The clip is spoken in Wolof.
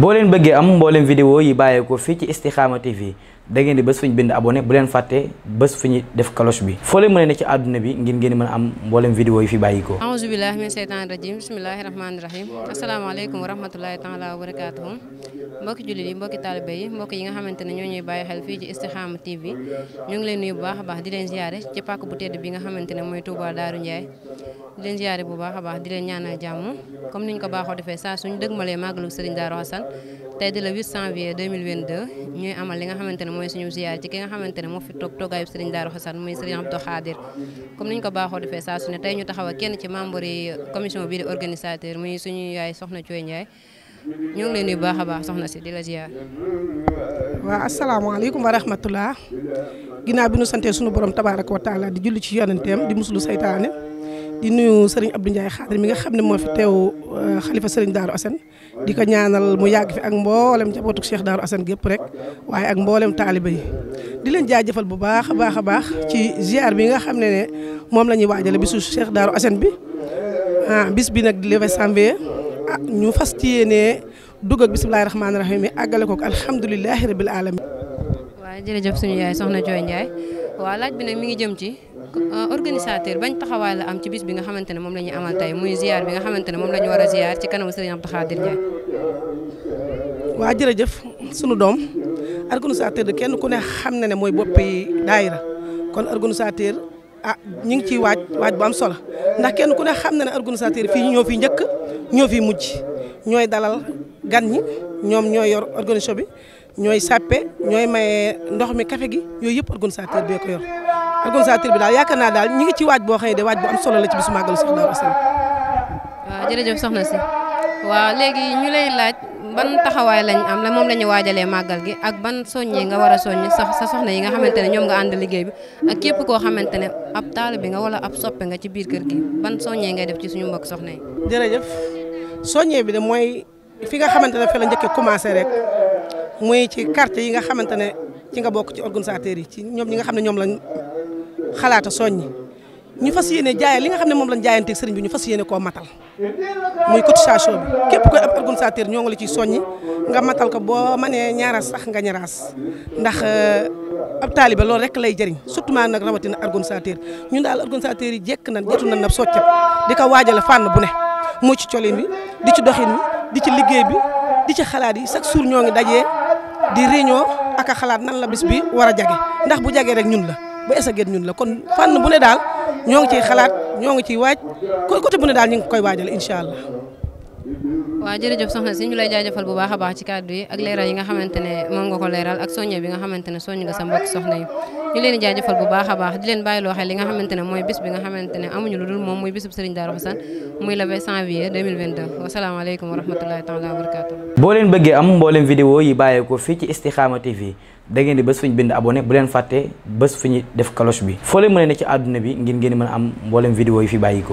boo leen bëggee am mbooleem vidéo yi bàyyeekoo fii ci Istikhama TV da ngeen di bés fu ñu bind abonné bu leen fàttee bés fu ñu def cloche bi foo leen mën a ne ci àdduna bi ngir ngeen mën a am mbooleem vidéo yi fi bàyyikoo aouzu billahi min seytaani rajim bismillahi rahmaani rahim asalaamaaleykum wa rahmatullahi taala wa barakatuhu mbokki jullit yi mbokki taalibe yi mbokk yi nga xamante ne ñoo ñuy bàyyi xel fii ci Istikhama TV ñu ngi leen nuyu bu baax a baax di leen ziare ci pàkk bu tedd bi nga xamante mooy di leen ziare a baax di leen comme niñ ko baaxoo defee saa suñu dëgmalee màggalu Serigne Darou Hassane tey di la 8 janvier 2022 ñuy amal li nga mooy suñu ziare ci ki nga xamante ne moo fi toog toogaayu Serigne Darou Hassane ko baaxoo defee saa su ne tey taxaw kenn ci membre yi commission bii di organisateur muy suñu yaay Soxna Thioye Ndiaye ñu ngi lay bu baax a baax soxna si di la ziar. waaw asalaamaaleykum wa rahmatulah ginnaaw bi ñu santee suñu borom tabaaraka wa taala di julli ci yonenteem di musulu saytaane di nuyu Serigne Abdou Ndiaye xaadir mi nga xam ne moo fi teew euh, xalifa Serigne Darou Assane di ko ñaanal mu yàgg fi ak mboolem njabootu Cheikh Darou Assane gépp rek waaye ak mboolem taaliba yi di leen jaajëfal bu baax a baax a baax ci ziar bi nga xam ne moom la ñuy waajale bisu Cheikh Darou Assane bi ah bis bi nag di le 20 ak ñu fas yéenee dugg ak bisimilah rahmaani rahiim àggale ko ak alhamdulilah rabil alamin waaw jërëjëf suñu yaay soxna Jooy Njaay waaw laaj bi ne mi ngi jëm ci euh, organisateur bañ taxawaay la am ci bis bi nga xamante moom la ñuy amal muy ziar bi nga xamante ne moom la ñu war a ziar ci kanamu Serigne Abdou Khadir Njaay. waaw jërëjëf sunu doom organisateur de kenn ku ne xam na ne mooy boppi daayira kon organisateur ah ñu ngi ciy waaj waaj bu am solo ndax kenn ku ne xam na ne organisateur fii ñoo fi njëkk. ñoo fi mujj ñooy dalal gan ñi ñoom ñooy yor organisation bi ñooy sàppe ñooy maye ndox mi café gi yooyu yëpp organisateur bee ko yor organisateur bi daal yaakaar naa daal ñi ngi ci waaj boo xëy de waaj la ci bisu màggalu Seex Daaru Asan waaw jërëjëf soxna si waaw léegi ñu lay laaj ban taxawaay lañ am la moom la ñu waajalee màggal gi ak ban soññee nga war a soññ sa sa soxna yi nga xamante ne ñoom nga ànd liggéey bi ak képp koo xamante ne ab bi nga wala ab soppe nga ci biir kër gi ban soññee ngay def ci suñu mbokk soxna yi soññee bi de mooy fi nga xamante ne fi la njëkkee commencé rek mooy ci quartier yi nga xamante ne ci nga bokk ci organisateurs yi ci ñoom ñi nga xam ne ñoom lañ xalaata soññi ñu fas yéene jaay li nga xam ne moom lañ jaayanteeg sëriñ bi ñu fas yéene koo matal muy cotisation bi képp koy ab organisateur la ciy soññi nga matal ko boo mënee ñaaraas sax nga ñaaraas ndax euh, ab taalibe loolu rek lay jëriñ surtout maa nag rawatina organisateur ñun daal organisateur yi jekk nañ jotu nañ na soccet di ko waajale fànn bu ne moo ci colin bi di ci doxin bi di ci liggéey bi di ci xalaat yi chaque jour ñoo ngi dajee di réunion ak xalaat nan la bis bi war a jage ndax bu jagee rek ñun la ba esaget ñun la kon fan bu ne daal ñoo ngi ciy xalaat ñoo ngi ciy waaj côté bu ne daal ñu ngi koy waajal incha allah. waaw jërëjëf soxna si ñu lay jaajëfal bu baax a baax ci kàddu yi ak leeral yi nga xamante moom nga ko leeral ak soññe bi nga xamante ne soññ nga sa mbokk soxna yi ñu leen di jaajëfal bu baax a baax di leen bàyyi loo xel li nga xamante ne mooy bis bi nga xamante ne amuñu lu dul moom muy bisub Serigne Darou Assane muy le 20 janvier 2022 wasalaamaaleykum wa rahmatullahi taala boo leen bëggee am mbooleem vidéo yi bàyyee ko fii ci Istikhama TV da ngeen di bés bind abonné bu leen fàttee bés fu ñu def cloche bi foo leen mën a ne ci àdduna bi ngir ngeen mën am mbooleem vidéo yi fi bàyyi ko